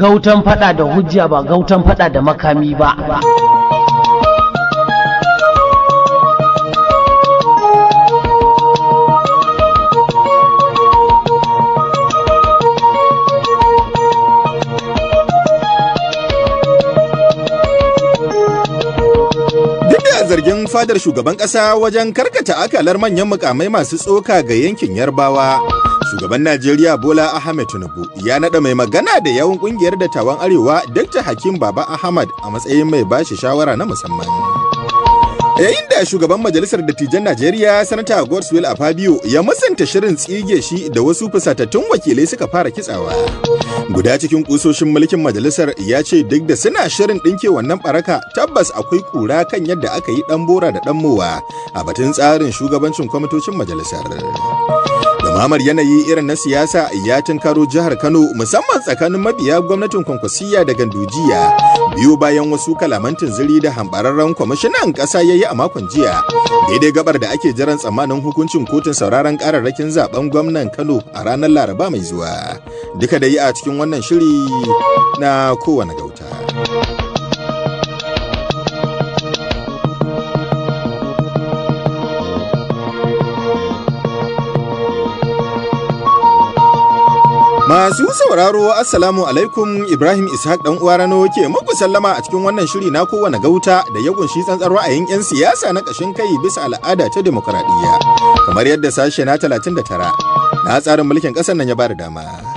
gautan fada da hujja ba gautan fada da makami ba zargin fadar shugaban ƙasa wajen karkata akalar manyan mukamai masu tsoka ga yankin yarbawa Shugaban Najeriya Bola Ahmed Tinubu ya naɗa mai magana da yawun ƙungiyar dattawan Arewa Dr. Hakim Baba Ahmad a matsayin mai bashi shawara na musamman. Yayin da shugaban majalisar dattijan Najeriya Sanata Godswill Afabio ya musanta shirin tsige shi da wasu fusatattun wakilai suka fara kitsawa. Guda cikin kusoshin mulkin majalisar ya ce duk da suna shirin ɗinke wannan baraka tabbas akwai kura kan yadda aka yi ɗan bora da ɗan mowa a batun tsarin shugabancin kwamitocin majalisar. Ɗumamar yanayi irin na siyasa ya tunkaro jihar Kano musamman tsakanin mabiya gwamnatin kwankwasiya da gandujiya biyu bayan wasu kalaman ziri da hambararren kwamishinan ƙasa ya yi a makon jiya. Daidai gabar da ake jiran tsammanin hukuncin kotun sauraron kararrakin zaben gwamnan Kano a ranar Laraba mai zuwa. Duka da yi a cikin wannan shiri na kowane gauta. Masu sauraro Assalamu alaikum Ibrahim Ishaq dan uwa Rano ke muku sallama a cikin wannan shiri na kowane gauta da ya kunshi tsantsar ra'ayin 'yan siyasa na ƙashin kai bisa al'ada ta demokradiyya. Kamar yadda sashe na 39 na tsarin mulkin ƙasar nan ya ba da dama.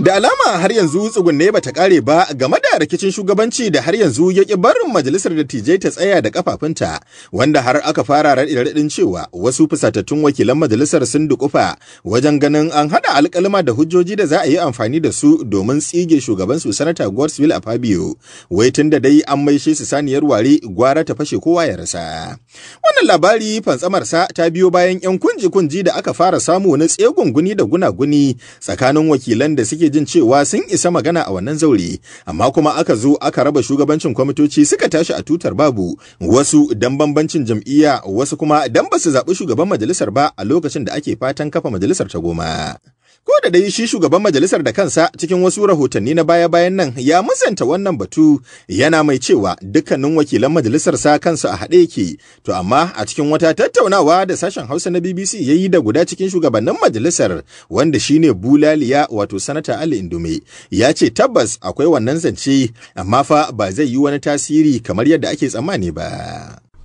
Da alama har yanzu tsugunne ta kare ba game da rikicin shugabanci da har yanzu ya ki barin majalisar dattijai ta tsaya da kafafunta wanda har aka fara raɗin cewa wasu fusatattun wakilan majalisar sun dukufa wajen ganin an hada alkalima da hujjoji da za a yi amfani da su domin tsige shugaban su sanata Godswill a Fabio wai tun da dai an maishe su saniyar ware gwara ta fashe kowa ya rasa. Wannan labari fantsamar sa ta biyo bayan 'yan kunji-kunji da aka fara samu wani tsegunguni da gunaguni tsakanin wakilan da suke suke jin cewa sun isa magana a wannan zauri, amma kuma aka zo aka raba shugabancin kwamitoci suka tashi a tutar babu wasu dan bambancin jam'iyya wasu kuma dan ba su zaɓi shugaban majalisar ba a lokacin da ake fatan kafa majalisar ta goma. Ko da dai shi shugaban majalisar da kansa cikin wasu rahotanni na baya-bayan nan ya musanta wannan batu yana mai cewa dukkanin wakilan majalisar sa kansu a haɗe yake. To amma a cikin wata tattaunawa da sashen Hausa na BBC ya yi da guda cikin shugabannin majalisar wanda shine Bulaliya wato sanata Ali Indume ya ce tabbas akwai wannan zance amma fa ba zai yi wani tasiri kamar yadda ake tsammani ba.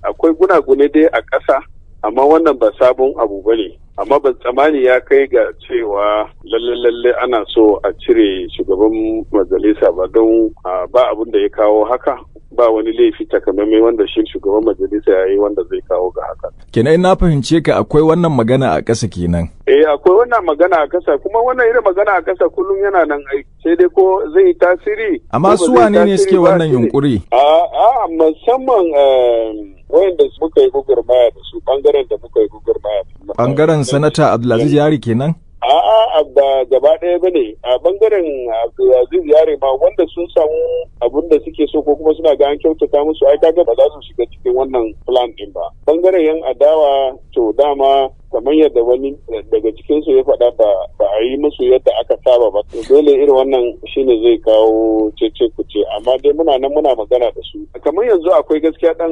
Akwai gune dai a ƙasa amma wannan ba sabon abu bane. amma ban tsammani ya kai ga cewa lalle-lalle ana so a cire shugaban majalisa ba don ah, ba abin da ya kawo haka ba wani laifi takamaimai wanda shi shugaban majalisa ya yi wanda zai kawo ga haka. Kenan na fahimce ka akwai wannan magana a ƙasa kenan. Eh akwai wannan magana a ƙasa kuma wannan irin magana a ƙasa kullum yana nan sai dai ko zai yi tasiri. Amma su wane ne suke wannan yunkuri? A musamman wayanda muka yi gugurmaya da su bangaren da muka yi gugurmaya. Bangaren sanata Abdulaziz Yari kenan? A'a ba gaba ɗaya ba ne a bangaren Abdulaziz yare ma wanda sun samu abin da suke so ko kuma suna ga an kyautata musu ai kaga ba za su shiga cikin wannan plan din ba. Bangaren yan adawa to dama kamar yadda wani daga cikinsu ya faɗa ba a yi musu yadda aka saba ba dole irin wannan shine zai kawo cece kuce amma dai muna nan muna magana da su kamar yanzu akwai gaskiya dan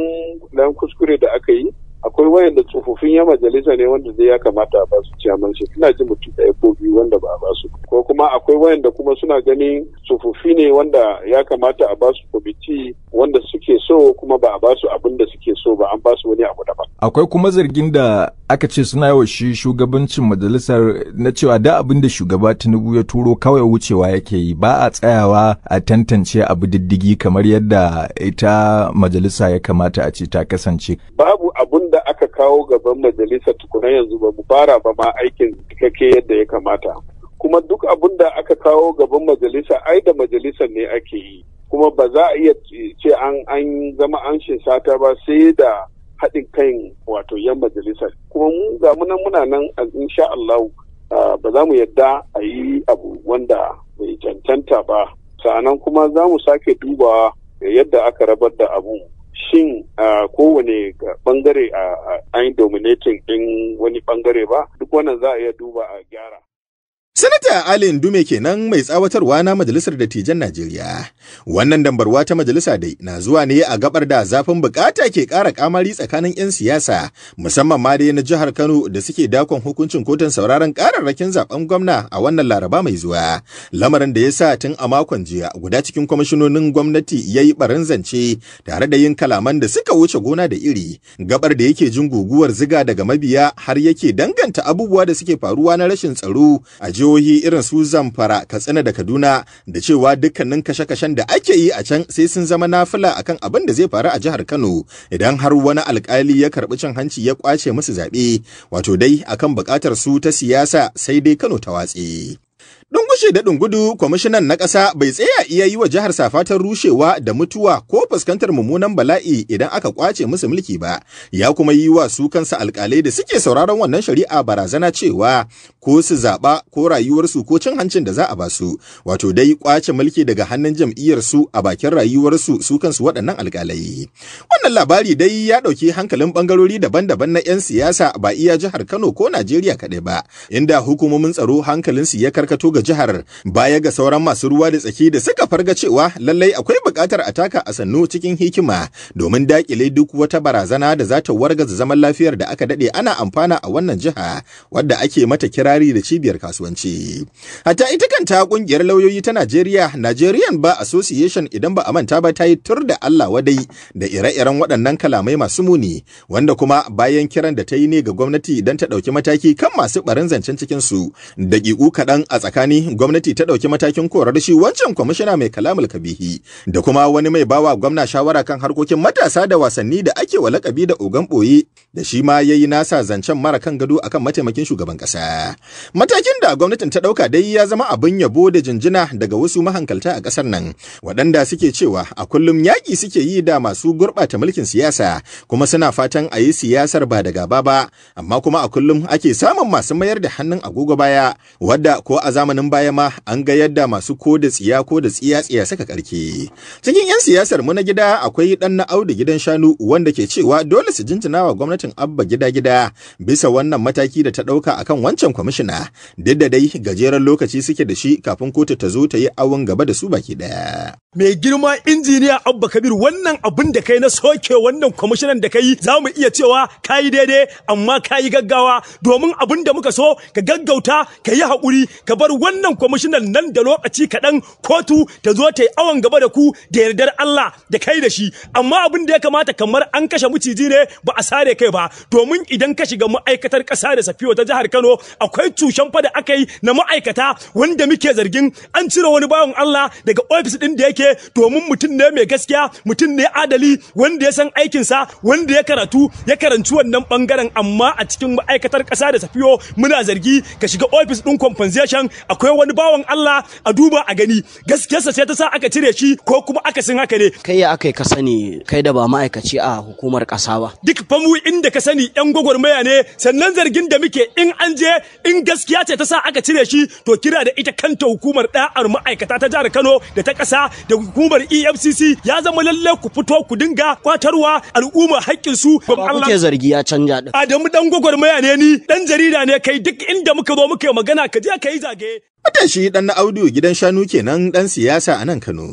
dan kuskure da aka yi akwai wayanda tsofaffin ya majalisa ne wanda zai ya kamata a basu ciyaman shi suna ji mutum ɗaya ko biyu wanda ba a basu ko kuma akwai wayanda kuma suna ganin tsofaffi ne wanda ya kamata a basu kwamiti wanda suke so kuma ba a basu abin da suke so ba an basu wani abu daban akwai kuma zargin da aka ce suna yawa shi shugabancin majalisar na cewa da abin da shugaba tinubu ya turo kawai wucewa yake yi ba a tsayawa a tantance abu diddigi kamar yadda ita majalisa ya kamata a ce ta kasance babu abin da aka kawo gaban majalisa tukuna yanzu ba mu fara ba ma aikin cikakke yadda ya kamata kuma duk abin da aka kawo gaban majalisa ai da majalisa ne ake yi kuma ba za a iya ce an zama an sata ba sai da haɗin kai wato yan majalisar kuma mu ga munan muna nan insha Allah ba za mu yadda a yi abu wanda bai cancanta ba sa'anan kuma za mu sake duba yadda aka rabar da abu shin kowane bangare a yi dominating ɗin wani bangare ba duk wannan za a iya duba a gyara Sanata Ali Ndume kenan mai tsawatarwa na Majalisar Dattijan Najeriya. Wannan dambarwa ta majalisa dai na zuwa ne a gabar da zafin bukata ke kara kamari tsakanin 'yan siyasa, musamman ma dai na jihar Kano da suke dakon hukuncin kotun sauraron kararrakin zaben gwamna a wannan Laraba mai zuwa. Lamarin da ya sa tun a makon jiya guda cikin kwamishinonin gwamnati ya yi barin zance tare da yin kalaman da suka wuce gona da iri, gabar da yake jin guguwar ziga daga mabiya har yake danganta abubuwa da suke faruwa na rashin tsaro a jihohi irin su Zamfara, Katsina da Kaduna da cewa dukkanin kashe-kashen da ake yi a can sai sun zama nafila akan abin da zai faru a jihar Kano idan har wani alkali ya karbi cin hanci ya kwace musu zaɓe wato dai akan bukatar su ta siyasa sai dai Kano ta watse. Dungushe da dungudu kwamishinan na ƙasa bai tsaya iya yi wa jihar safatar rushewa da mutuwa ko fuskantar mummunan bala'i idan aka kwace musu mulki ba, ya kuma yi wa su kansa alƙalai da suke sauraron wannan shari'a barazana cewa ko su zaɓa ko rayuwarsu ko cin hancin da za a ba su, wato dai kwace mulki daga hannun jam'iyyarsu a bakin rayuwarsu su kansu waɗannan alƙalai. Wannan labari dai ya ɗauki hankalin ɓangarori daban-daban na 'yan siyasa ba iya jihar Kano ko Najeriya kaɗai ba, inda hukumomin tsaro hankalinsu ya karkato ga jihar baya ga sauran masu ruwa da tsaki da suka farga cewa lallai akwai buƙatar a taka a sannu cikin hikima domin dakile duk wata barazana da za ta wargaza zaman lafiyar da aka daɗe ana amfana a wannan jiha wadda ake mata kirari da cibiyar kasuwanci. Hatta ita kanta ƙungiyar lauyoyi ta Najeriya, Nigerian Bar Association idan ba a manta ba ta yi tur da Allah wadai da ire-iren waɗannan kalamai masu muni wanda kuma bayan kiran da ta yi ne ga gwamnati don ta ɗauki mataki kan masu ɓarin zancen cikinsu daƙiƙu kaɗan a tsakanin bisani gwamnati ta ɗauki matakin korar shi wancan kwamishina mai kalamul kabihi da kuma wani mai bawa gwamna shawara kan harkokin matasa da wasanni da ake wa lakabi da ogan ɓoye da shi ma ya yi nasa zancen mara kan gado akan mataimakin shugaban ƙasa. Matakin da gwamnatin ta ɗauka dai ya zama abin yabo da jinjina daga wasu mahankalta a ƙasar nan, waɗanda suke cewa a kullum yaƙi suke yi da masu gurɓata mulkin siyasa, kuma suna fatan a yi siyasar ba da gaba ba, amma kuma a kullum ake samun masu mayar da hannun agogo baya, wadda ko a zamanin baya ma an ga yadda masu ko da tsiya ko da tsiya tsiya saka ƙarke. Cikin 'yan siyasar mu na gida akwai ɗan na Audu gidan shanu wanda ke cewa dole su jinjina wa gwamnati gwamnatin abba gida-gida bisa wannan mataki da ta ɗauka akan wancan kwamishina duk da dai gajeren lokaci suke da shi kafin kotu ta zo ta yi awon gaba da su baki ɗaya. Mai girma injiniya Abba Kabir wannan abin da kai na soke wannan kwamishinan da kai za mu iya cewa ka yi daidai amma ka yi gaggawa domin abun da muka so ka gaggauta ka yi haƙuri ka bar wannan kwamishinan nan da lokaci kaɗan kotu ta zo ta yi awon gaba da ku da yardar Allah da kai da shi amma abin da ya kamata kamar an kashe muciji ne ba a sare kai ba. ba domin idan ka shiga ma'aikatar ƙasa da safiyo ta jihar Kano akwai cushen fa da aka yi na ma'aikata wanda muke zargin an cire wani bawan Allah daga ofis din da yake domin mutum ne mai gaskiya mutum ne adali wanda ya san aikinsa wanda ya karatu ya karanci wannan bangaren amma a cikin ma'aikatar ƙasa da safiyo muna zargi ka shiga ofis din compensation akwai wani bawan Allah a duba a gani gaskiyarsa sai ta sa aka cire shi ko kuma aka sin haka ne kai ya aka ka sani kai da ba ma'aikaci a hukumar ƙasa ba duk famu inda da ka sani yan gwagwarmaya ne sannan zargin da muke in an je in gaskiya ce ta sa aka cire shi to kira da ita kanta hukumar ɗa'ar ma'aikata ta jihar Kano da ta ƙasa da hukumar EFCC ya zama lalle ku fito ku dinga kwatarwa al'umma haƙƙin su ba kuke zargi ya canja ɗin. Adamu ɗan gwagwarmaya ne ni dan jarida ne kai duk inda muka zo muka yi magana ka je ka yi zage shi dan na audu gidan shanu kenan dan siyasa a nan Kano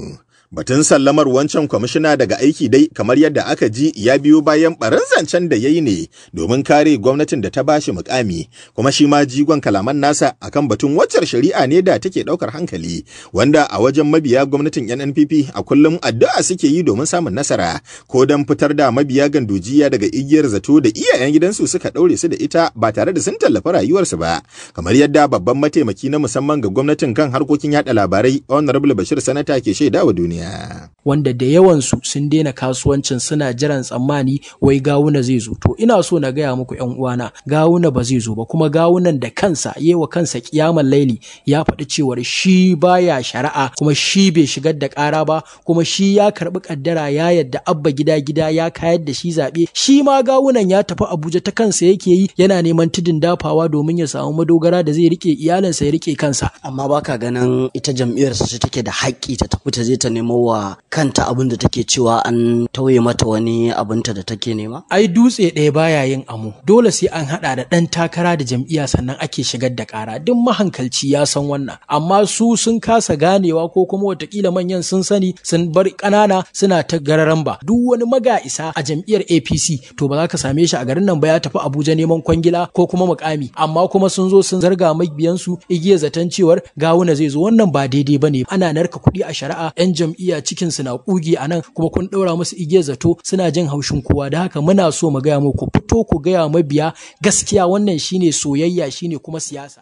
Batun sallamar wancan kwamishina daga aiki dai kamar yadda aka ji ya biyo bayan barin zancen da ya yi ne domin kare gwamnatin da ta ba shi mukami kuma shi ma jigon kalaman nasa akan batun waccar shari'a ne da take daukar hankali wanda a wajen mabiya gwamnatin NNPP a kullum addu'a suke yi domin samun nasara ko don fitar da mabiya gandujiya daga igiyar zato da iyayen gidansu suka daure su da ita ba tare da sun tallafa rayuwarsu ba kamar yadda babban mataimaki na musamman ga gwamnatin kan harkokin yaɗa labarai Honorable Bashir Sanata ke shaida wa duniya. wanda da yawansu sun daina kasuwancin suna jiran tsammani wai gawuna zai zo to ina so na gaya muku yan uwana gawuna ba zai zo ba kuma gawunan da kansa yewa kansa kiyaman laili ya faɗi cewar shi baya shari'a kuma shi bai shigar da ƙara ba kuma shi ya karɓi kaddara ya yadda abba gida gida ya kayar da shi zaɓe shi ma gawunan ya tafi abuja ta kansa yake yi yana neman tudun dafawa domin ya samu madogara da zai riƙe iyalinsa ya riƙe kansa amma baka ganin ita jam'iyyarsa ce take da haƙƙi ta tafi ta je ta nemo wa kanta abin da take cewa an tauye mata wani abinta da take nema? Ai dutse ɗaya baya yin amo. Dole sai an haɗa da ɗan takara da jam'iyya sannan ake shigar da ƙara. Duk mahankalci ya san wannan. Amma su sun kasa ganewa ko kuma watakila manyan sun sani sun bar ƙanana suna ta gararan ba. Duk wani maga'isa a jam'iyyar APC to ba za ka same shi a garin nan ba ya tafi Abuja neman kwangila ko kuma mukami. Amma kuma sun zo sun zarga mabiyansu igiya zaton cewar gawuna zai zo wannan ba daidai ba ne. Ana narka kuɗi a shari'a 'yan jam'iyyar. iya cikin su na kugi a nan kuma kun ɗaura musu igiyar zato suna jin haushin kowa da haka muna so mu gaya muku fito ku gaya mabiya gaskiya wannan shine soyayya shine kuma siyasa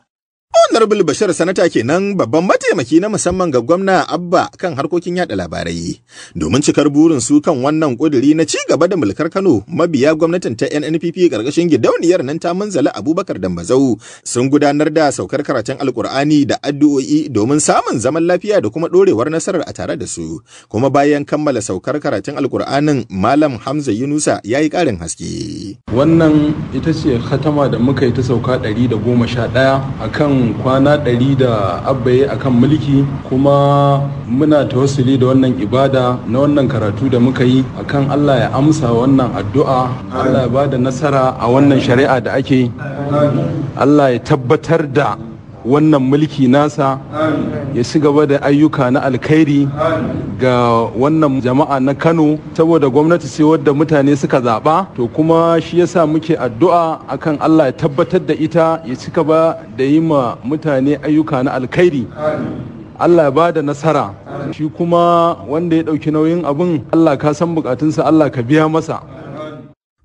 Honorable Bashir Sanata kenan babban mataimaki na musamman ga gwamna Abba kan harkokin yada labarai domin cikar burin su kan wannan kuduri na ci gaba da mulkar Kano mabiya gwamnatin ta NNPP karkashin gidauniyar nan ta manzala Abubakar Dambazau sun gudanar da saukar karatun Alkur'ani da addu'o'i domin samun zaman lafiya da kuma dorewar nasarar a tare da su kuma bayan kammala saukar karatun Alkur'anin Malam Hamza Yunusa ya yi karin haske. Wannan ita ce khatama da muka yi ta sauka 111 akan akan kwana ɗari da abbaye a kan mulki kuma muna tawassuli da wannan ibada na wannan karatu da muka yi akan Allah ya amsa wannan addu'a Allah ya ba da nasara a wannan shari'a da ake Allah ya tabbatar da wannan mulki nasa ya ci gaba da ayyuka na alkhairi ga wannan jama'a na kano saboda gwamnati sai wadda mutane suka zaɓa to kuma shi yasa muke addu'a akan allah ya tabbatar da ita ya ci gaba da yi ma mutane ayyuka na alkhairi Allah ya bada nasara shi kuma wanda ya ɗauki nauyin abin Allah ka san bukatunsa Allah ka biya masa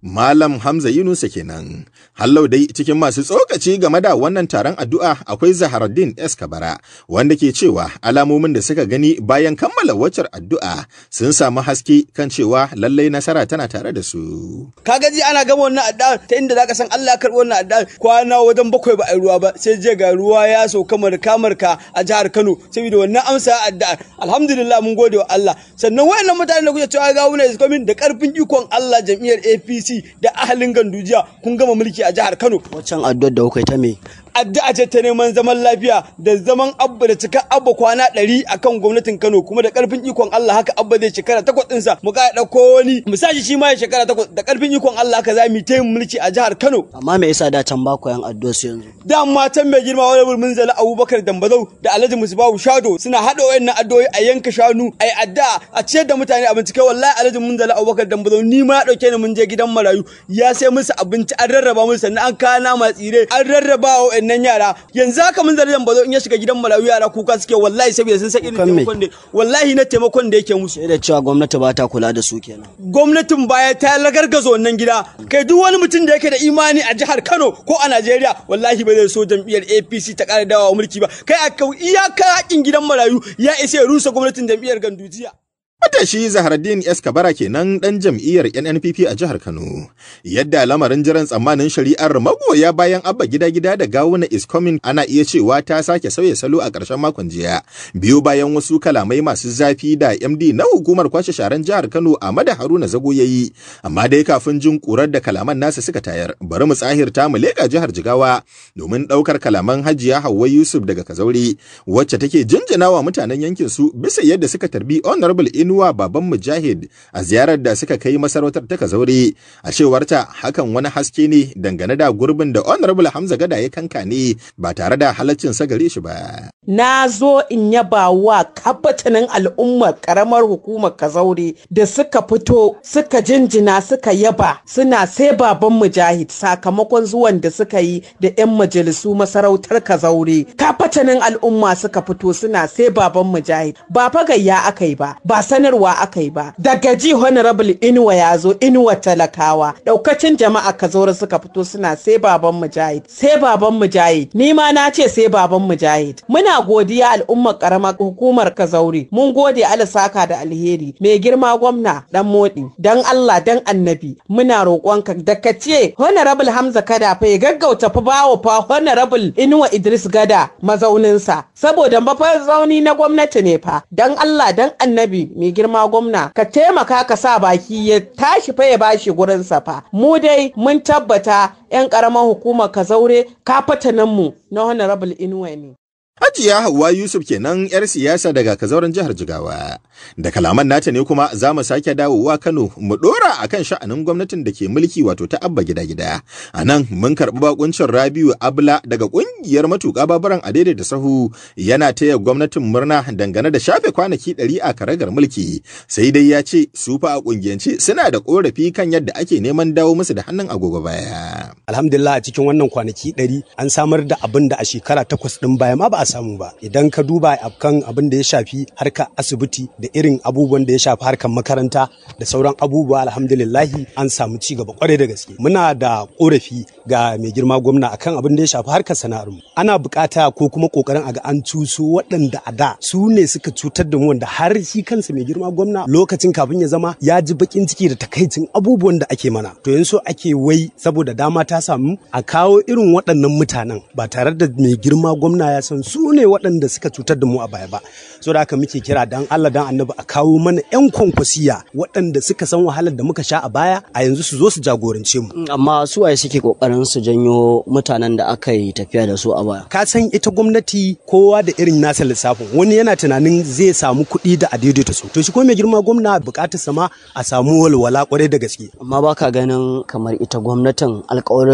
Malam Hamza Yunusa kenan. Hallau dai cikin masu tsokaci game da wannan taron addu'a akwai Zaharaddin S. Kabara, wanda ke cewa alamomin da suka gani bayan kammala waccar addu'a sun samu haske kan cewa lallai nasara tana tare da su. Ka gaji ana gama wannan addu'a ta inda zaka san Allah karɓi wannan addu'a kwana wajen bakwai ba a ruwa ba sai je ga ruwa ya sauka marka marka a jihar Kano saboda wannan amsa addu'a. Alhamdulillah mun gode wa Allah. Sannan wayannan mutane da kuke cewa gawuna is coming da karfin ikon Allah jam'iyyar APC da ahalin gandujiya kun gama mulki a jihar Kano. Waccan addu'ar da kuka ta me addu'a ce ta neman zaman lafiya da zaman abba da cika abba kwana ɗari kan gwamnatin Kano kuma da karfin ikon Allah haka abba zai shekara takwas ɗinsa mu ƙara ɗauko wani mu sa shi ma ya shekara takwas da karfin ikon Allah haka za mu ta yin mulki a jihar Kano. Amma me yasa da can ba ku yan addu'a su yanzu? Da matan mai girma wani mun zala Abubakar Dambazau da Alhaji Musbahu Shado suna haɗa wayannan addu'o'i a yanka shanu a yi addu'a a ciyar da mutane abinci kai wallahi Alhaji mun zala Abubakar Dambazau ni ma ɗauke ni mun je gidan marayu ya sai musu abinci an rarraba musu sannan an kawo nama tsire an rarraba wa wayannan yara yanzu haka mun ba zo in ya shiga gidan malawi yara kuka suke wallahi saboda sun san irin taimakon da wallahi na taimakon da yake musu da cewa gwamnati ba ta kula da su kenan gwamnatin baya ta lagargaza wannan gida kai duk wani mutum da yake da imani a jihar Kano ko a Najeriya wallahi ba zai so jam'iyyar APC ta ƙara dawowa mulki ba kai a iyaka hakin gidan marayu ya isa ya rusa gwamnatin jam'iyyar Gandujiya Matashi Zahraddin S. Kabara kenan ɗan jam'iyyar NNPP a jihar Kano. Yadda lamarin jiran tsammanin shari'ar magoya bayan abba gida-gida da gawuna is coming ana iya cewa ta sake sauya salo a ƙarshen makon jiya. Biyo bayan wasu kalamai masu zafi da MD na hukumar kwashe sharan jihar Kano a mada Haruna Zago ya yi. Amma dai kafin jin ƙurar da kalaman nasa suka tayar, bari mu tsahirta mu leƙa jihar Jigawa domin ɗaukar kalaman Hajiya Hauwa Yusuf daga Kazauri, wacce take jinjina wa mutanen yankin su bisa yadda suka tarbi Honorable Inu wa baban mujahid a ziyarar da suka kai masarautar ta kazaure a cewarta hakan wani haske ne dangane da gurbin da honorable hamza gada ya kanka ne ba tare da halaccin sa gare shi ba na zo in yaba wa kabbatanin al'ummar karamar hukumar kazaure da suka fito suka jinjina suka yaba suna sai baban mujahid sakamakon zuwan da suka yi da 'yan majalisu masarautar kazaure kabbatanin al'umma suka fito suna sai baban mujahid ba fa gayya aka yi ba ba sanarwa aka yi ba daga ji honorable inuwa ya zo inuwa talakawa daukacin jama'a kazaura suka fito suna sai baban mujahid sai baban mujahid ni ma na ce sai baban mujahid muna godiya al'ummar karamar hukumar kazauri mun gode alasaka da alheri mai girma gwamna dan modi dan Allah dan annabi muna roƙonka da ka ce honorable hamza kada fa ya gaggauta fa bawo fa honorable inuwa idris gada mazauninsa saboda mafa zauni na gwamnati ne fa dan Allah dan annabi mai girma gwamna ka taimaka ka sa baki ya tashi fa ya bashi gurin safa mu dai mun tabbata 'yan karamar hukumar ka zaure ka fata nan mu na honorable inuwa ne Hajiya Hauwa Yusuf kenan 'yar siyasa daga kazauran jihar Jigawa. Da kalaman nata ne kuma za mu sake dawowa Kano mu dora a kan sha'anin gwamnatin da ke mulki wato ta abba gida-gida. A nan mun karɓi bakuncin Rabiu Abla daga ƙungiyar matuƙa babaran a da sahu yana taya gwamnatin murna dangane da shafe kwanaki ɗari a karagar mulki. Sai dai ya ce su fa a ƙungiyance suna da ƙorafi kan yadda ake neman dawo musu da hannun agogo baya. Alhamdulillah a cikin wannan kwanaki ɗari an samar da abin da a shekara takwas ɗin baya ma ba samu ba idan ka duba kan abin da ya shafi harka asibiti da irin abubuwan da ya shafi harkar makaranta da sauran abubuwa alhamdulillahi an samu ci gaba kwarai da gaske muna da korafi ga mai girma gwamna akan abin da ya shafi harkar sana'ar mu ana bukata ko kuma kokarin a ga an cuso waɗanda a da su ne suka cutar da mu wanda har shi kansa mai girma gwamna lokacin kafin ya zama ya ji bakin ciki da takaicin abubuwan da ake mana to yanzu ake wai saboda dama ta samu a kawo irin waɗannan mutanen ba tare da mai girma gwamna ya san su su ne waɗanda suka cutar da mu a baya ba so da haka muke kira dan Allah dan annabi a kawo mana yan kwankwasiya waɗanda suka san wahalar da muka sha a baya a yanzu su zo su jagorance mu mm, amma su waye suke kokarin su janyo mutanen da aka yi tafiya da su a baya ka san ita gwamnati kowa da irin nasa lissafin wani yana tunanin zai samu kuɗi da a daidaita su to shi ko mai girma gwamna bukatar sama a samu walwala kwarai da gaske amma ka ganin kamar ita gwamnatin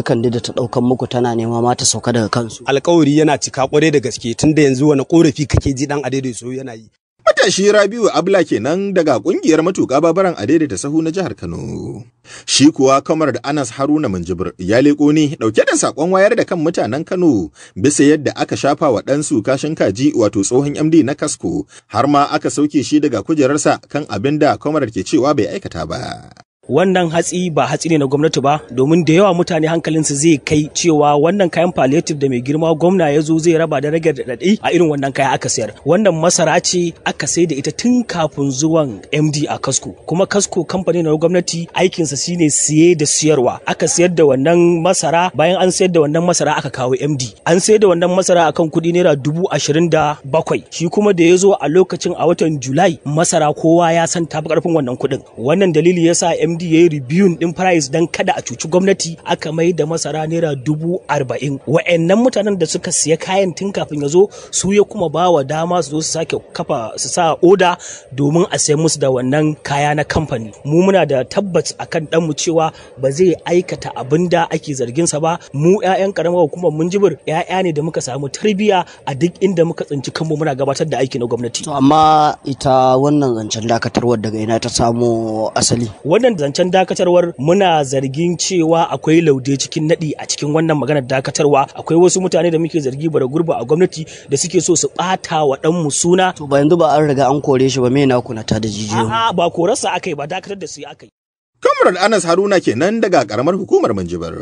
kan da ta ɗaukan muku tana nema ma ta sauka daga kansu alƙawari yana cika kwarai da gaske tun tunda yanzu wani korafi kake ji dan adaidai so yana yi matashi Rabiu Abla kenan daga kungiyar matuƙa babaran ta sahu na jihar Kano. Shi kuwa kamar da Anas Haruna Minjibir ya leƙo ne ɗauke da sakon wayar da kan mutanen Kano bisa yadda aka shafa wa ɗansu kashin kaji wato tsohon MD na kasko har ma aka sauke shi daga kujerarsa kan abin da kamar ke cewa bai aikata ba. wannan hatsi ba hatsi ne na gwamnati ba domin da yawa mutane hankalinsu zai kai cewa wannan kayan palliative da mai girma gwamna ya zo zai raba da rage daɗaɗi a irin wannan kaya aka sayar wannan masara ce aka sai da ita tun kafin zuwan md a kasko kuma kasko kamfani na gwamnati aikinsa shine siye da siyarwa aka sayar da wannan masara bayan an sayar da wannan masara aka kawo md an sayar da wannan masara akan kuɗi naira dubu ashirin da bakwai shi kuma da ya zo a lokacin a watan julai masara kowa ya san tafi karfin wannan kuɗin wannan dalili yasa md md ya yi reviewing din price don kada a cuci gwamnati aka mai da masara naira dubu arba'in wa'annan mutanen da suka siya kayan tun kafin ya zo su ya kuma ba wa dama su zo su sake kafa su sa oda domin a sayi musu da wannan kaya na kamfani mu muna da tabbas akan danmu cewa ba zai aikata abin da ake zarginsa ba mu 'ya'yan karamar hukumar mun jibir 'ya'ya ne da muka samu tarbiyya a duk inda muka tsinci kanmu muna gabatar da aiki na gwamnati amma ita wannan zancen dakatarwar daga ina ta samo asali wannan zancen dakatarwar muna zargin cewa akwai laude cikin nadi a cikin wannan maganar dakatarwa akwai wasu mutane da muke zargi bara gurba a gwamnati da suke so su ɓata wa dan mu suna to ba yanzu ba an riga an kore shi ba me na kuna ta da jijiyo a'a ba korarsa akai ba dakatar da su akai Kamar Anas Haruna kenan daga karamar hukumar Manjibar.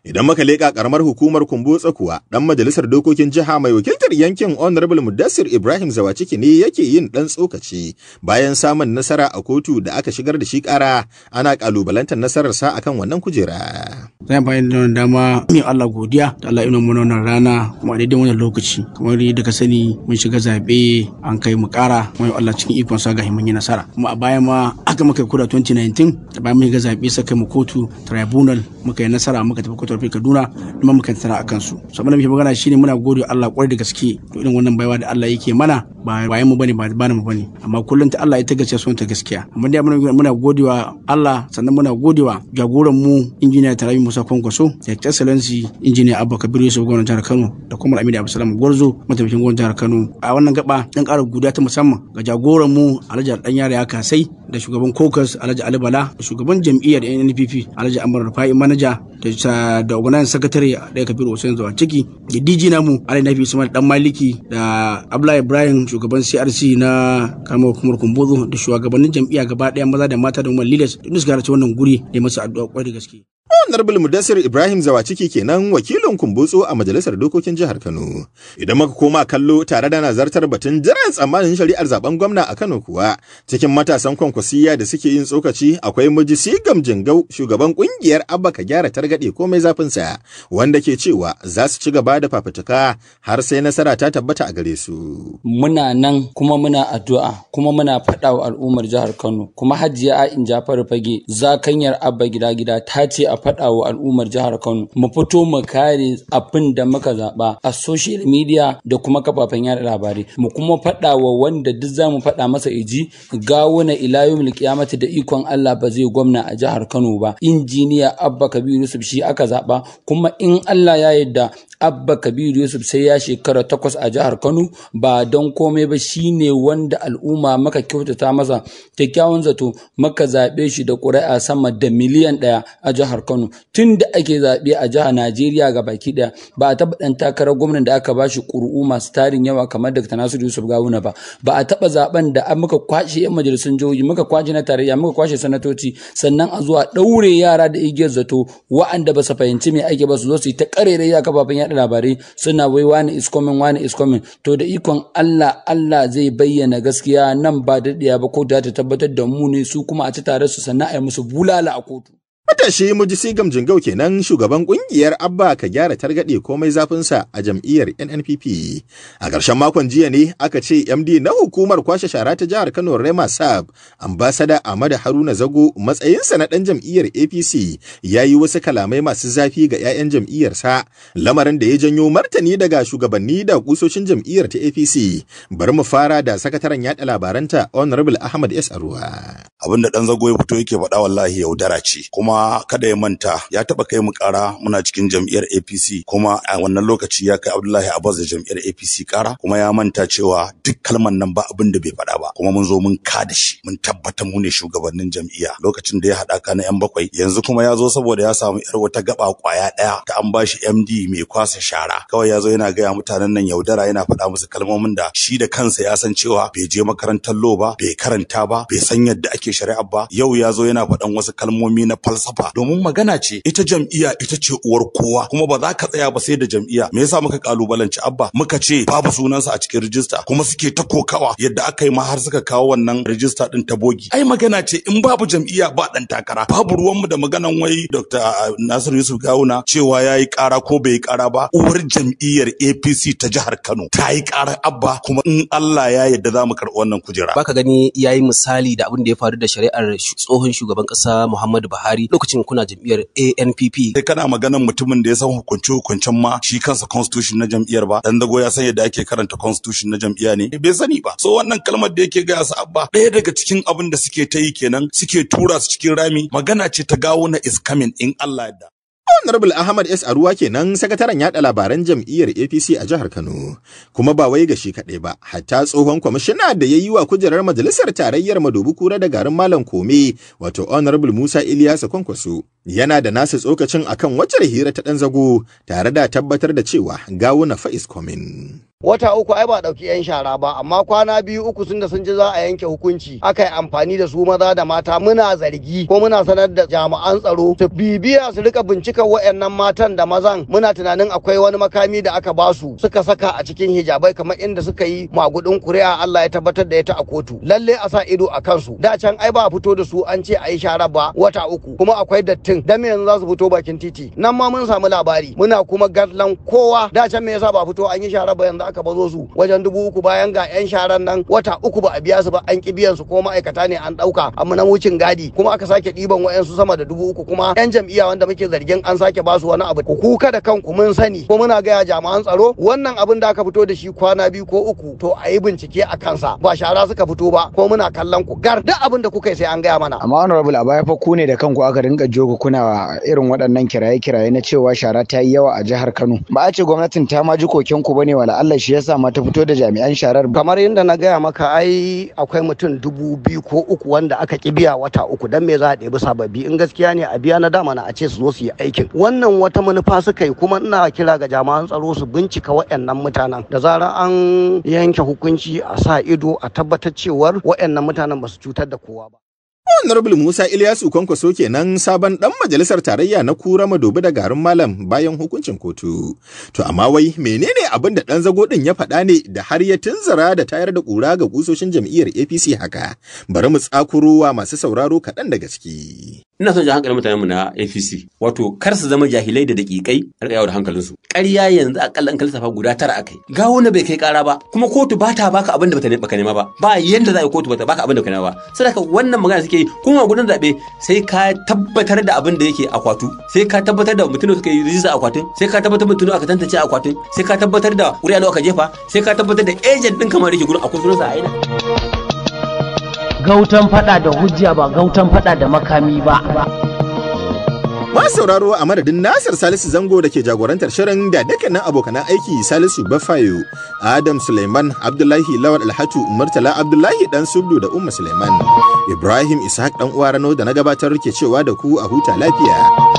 Idan muka leƙa ƙaramar hukumar Kumbutsa kuwa, ɗan majalisar dokokin jiha mai wakiltar yankin Honorable Mudassir Ibrahim Zawaciki ne yake yin ɗan tsokaci bayan samun nasara a kotu da aka shigar da shi ƙara ana ƙalubalantar nasararsa akan wannan kujera. Zan bayan da dama min Allah godiya da Allah ina wannan rana kuma daidai wannan lokaci kamar yadda ka sani mun shiga zaɓe an kai mu ƙara mai Allah cikin ikon sa ga himmin nasara kuma a baya ma aka maka kura 2019 da bayan mun shiga zaɓe sai kai mu kotu tribunal muka yi nasara muka tafi kwatar duna kuma muka tsara a kansu saboda muke magana shine muna gode Allah kwarai da gaske to irin wannan baiwa da Allah yake mana ba bayan mu bane ba bana mu bane amma kullun ta Allah ita gaskiya son ta gaskiya amma dai muna godewa Allah sannan muna godewa jagoran mu injiniya Tarabi Musa Kwankwaso da excellency injiniya Abba Kabir Yusuf gwamnatin jihar Kano da kuma Aminu Abdulsalam Gwarzo mataimakin gwamnatin jihar Kano a wannan gaba dan ƙara guda ta musamman ga jagoran mu Alhaji Dan Yare ya kasai da shugaban Kokas Alhaji Ali Bala da shugaban jam'iyyar NNPP Alhaji Amr Rufai manaja da ugunan sakatare da kabiru hussein zuwa ciki da dg namu ali nafi usman dan maliki da abla ibrahim shugaban crc na kama hukumar kumbuzo da shugabannin jam'iyya gaba daya maza da mata da umar lilas da suka wannan guri da masu addu'a kwai da gaske bulmu dasir Ibrahim Zawaciki kenan wakilin kumbutsu a Majalisar Dokokin Jihar Kano. Idan muka koma kallo tare da nazartar batun jiran tsammanin shari'ar zaben gwamna a Kano kuwa, cikin matasan kwankwasiya da suke yin tsokaci akwai miji Mujisi jingau, shugaban kungiyar Abba ka gyara targaɗe komai zafin sa, wanda ke cewa za su ci gaba da fafutuka har sai nasara ta tabbata a gare su. Muna nan kuma muna addu'a kuma muna faɗawa wa al'ummar jihar Kano kuma Hajiya A'in Jafar Fage zakanyar Abba gida gida ta ce a faɗa wa al'ummar jihar Kano mu fito mu kare abin da muka zaɓa a social media da kuma kafafen yada labarai mu kuma faɗa wa wanda duk zamu faɗa masa iji gawuna ila yawmil qiyamati da ikon Allah ba zai gwamna a jihar Kano ba injiniya Abba Kabiru Yusuf shi aka zaɓa kuma in Allah ya yarda Abba Kabiru Yusuf sai ya shekara takwas a jihar Kano ba don komai ba shine wanda al'umma maka kyautata masa kyakkyawan zato maka zaɓe shi da ƙuri'a sama da miliyan ɗaya a jihar Kano Kano tun da ake zaɓe a jihar Najeriya ga baki ɗaya ba a taɓa ɗan takarar gwamnan da aka bashi ƙuri'u masu tarin yawa kamar Dr. Nasiru Yusuf Gawuna ba ba a taɓa zaɓen da muka kwashe 'yan majalisun jihohi muka kwashe na tarayya muka kwashe sanatoci sannan a zuwa ɗaure yara da igiyar zato wa'anda ba su fahimci me ake ba su zo su yi ta ƙarere ya kafafen yaɗa labarai suna wai wani iskomin wani iskomin to da ikon Allah Allah zai bayyana gaskiya nan ba daɗiya ba ko da ta tabbatar da mu ne su kuma a ci tare su sannan a yi musu bulala a kotu. Matashi Mujisi Gamjingau kenan shugaban kungiyar Abba ka gyara targaɗe komai zafinsa a jam'iyyar NNPP. A ƙarshen makon jiya ne aka ce MD na hukumar kwashe shara ta jihar Kano Rema Sab, ambasada Ahmadu Haruna Zago matsayinsa na ɗan jam'iyyar APC ya yi wasu kalamai masu zafi ga 'ya'yan jam'iyyarsa, lamarin da ya janyo martani daga shugabanni da kusoshin jam'iyyar ta APC. Bari mu fara da sakataren yaɗa labaranta Honorable Ahmad S. Aruwa. Abin da ɗan Zago ya fito yake faɗa wallahi yaudara ce, kuma kada ya manta ya taba kai mu kara muna cikin jam'iyyar APC kuma a wannan lokaci ya kai Abdullahi Abbas da jam'iyyar APC kara kuma ya manta cewa duk kalman nan ba abin da bai faɗa ba kuma mun zo mun ka da shi mun tabbata mu ne shugabannin jam'iyya lokacin da ya haɗa ka na yan bakwai yanzu kuma ya zo saboda ya samu yar wata gaba kwaya ɗaya ta an bashi MD mai kwasa shara kawai ya zo yana gaya mutanen nan yaudara yana faɗa musu kalmomin da shi da kansa ya san cewa bai je makarantar lo ba bai karanta ba bai san yadda ake shari'a ba yau ya zo yana faɗan wasu kalmomi na fal falsafa domin magana ce ita jam'iyya ita ce uwar kowa kuma ba za ka tsaya ba sai da jam'iyya me yasa muka kalubalanci abba muka ce babu sunansa a cikin rijista kuma suke ta kokawa yadda aka yi ma har suka kawo wannan rijista din ta bogi ai magana ce in babu jam'iya ba dan takara babu ruwanmu da maganan wai dr ah, nasiru yusuf gawuna cewa ya yi kara ko bai yi kara ba uwar jam'iyar apc ta jihar kano ta yi kara abba kuma in allah ya yadda za mu karɓi wannan kujera baka gani ya yi misali da abin da ya faru da shari'ar tsohon shugaban ƙasa muhammadu buhari lokacin kuna jam'iyyar ANPP. Sai eh, kana maganar mutumin da ya san hukunce hukuncin ma shi kansa constitution na jam'iyyar ba dan dago ya san yadda ake karanta constitution na jam'iyya ne eh, bai sani ba. So wannan kalmar da yake gaya su abba ɗaya daga cikin abin da suke ta yi kenan suke tura su cikin rami magana ce ta gawo na is coming in Allah da. Honorable Ahmad S. Aruwa kenan sakataren yaɗa labaran jam'iyyar APC a jihar Kano, kuma ba wai ga shi kaɗai ba, hatta tsohon kwamishina da ya yi wa kujerar majalisar tarayyar madubu kura da garin Malam Kome, wato Honorable Musa Iliyasa Kwankwaso, yana da nasa tsokacin akan wacce hira ta ɗan zago tare da tabbatar da cewa gawuna fa is wata uku ai ba dauki yan shara ba amma kwana biyu uku sun da sun ji za a yanke hukunci aka yi amfani da su maza da mata muna zargi ko muna sanar da jami'an tsaro su bibiya su rika bincikar wayannan matan da mazan muna tunanin akwai wani makami da aka basu suka saka a cikin hijabai kamar inda suka yi magudin kuri'a Allah ya tabbatar da ita a kotu lalle a sa ido a kansu da can ai ba fito da su an ce a yi shara ba wata uku kuma akwai dattin da me yanzu za su fito bakin titi nan ma mun samu labari muna kuma gallan kowa da can me yasa ba fito an yi shara ba yanzu aka bazo su wajen dubu uku bayan ga yan sharan nan wata uku ba a biya su ba an ki biyan su ko ma'aikata ne an dauka amma na wucin gadi kuma aka sake diban wayansu sama da dubu uku kuma yan jam'iyya wanda muke zargin an sake basu wani abu ku kuka da kanku mun sani ko muna gaya jami'an tsaro wannan abin da aka fito da shi kwana biyu ko uku to a yi bincike a kansa ba shara suka fito ba ko muna kallon ku gar da abin da kuka yi sai an gaya mana amma honorable a baya fa ku ne da kanku aka rinka jogo kuna irin waɗannan kiraye-kiraye na cewa shara ta yi yawa a jihar Kano ba a ce gwamnatin ta ma ji ku bane wala Allah shi yasa ma ta fito da jami'an sharar kamar yadda na gaya maka ai akwai mutum dubu biyu ko uku wanda aka ki biya wata uku dan me za a ɗebi sababbi in gaskiya ne a biya na dama na a ce su zo su yi aikin wannan wata manufa suka yi kuma ina kira ga jami'an tsaro su bincika waɗannan mutanen da zarar an yanke hukunci a sa ido a tabbatar cewar waɗannan mutanen ba su cutar da kowa ba Honorable Musa Ilyasu Kwankwaso kenan sabon ɗan majalisar tarayya na kura madobi da garin malam bayan hukuncin kotu. To amma wai menene abin da ɗan zago ɗin ya faɗa ne da har ya tunzara da tayar da ƙura ga ƙusoshin jam'iyyar APC haka. Bari mu tsakuro wa masu sauraro kaɗan daga ciki. ina son jan hankalin mutanen mu na APC wato kar su zama jahilai da dakikai a yawo da hankalin su ƙarya yanzu akalla an kalsafa guda tara akai gawo na bai kai ƙara ba kuma kotu ba ta baka abin da baka nema ba ba yanda za a yi kotu ba ta baka abin da baka nema ba saboda wannan magana suke yi kuma gudan zabe sai ka tabbatar da abin da yake akwatu sai ka tabbatar da mutum suka yi rijista akwatin sai ka tabbatar mutum aka tantance akwatin sai ka tabbatar da ƙuri'a aka jefa sai ka tabbatar da ejen ɗin kamar yake gurin akwai sunansa a ina. gautan fada da hujja ba gautan fada da makami ba. Ma sauraro a madadin Nasir Salisu Zango da ke jagorantar shirin da dukkanin abokanan aiki Salisu Bafayo, Adam Suleiman, Abdullahi Lawal Alhatu, Murtala Abdullahi Dan Subdu da Umma Suleiman, Ibrahim Ishaq Dan Uwarano da na gabatar ke cewa da ku a huta lafiya.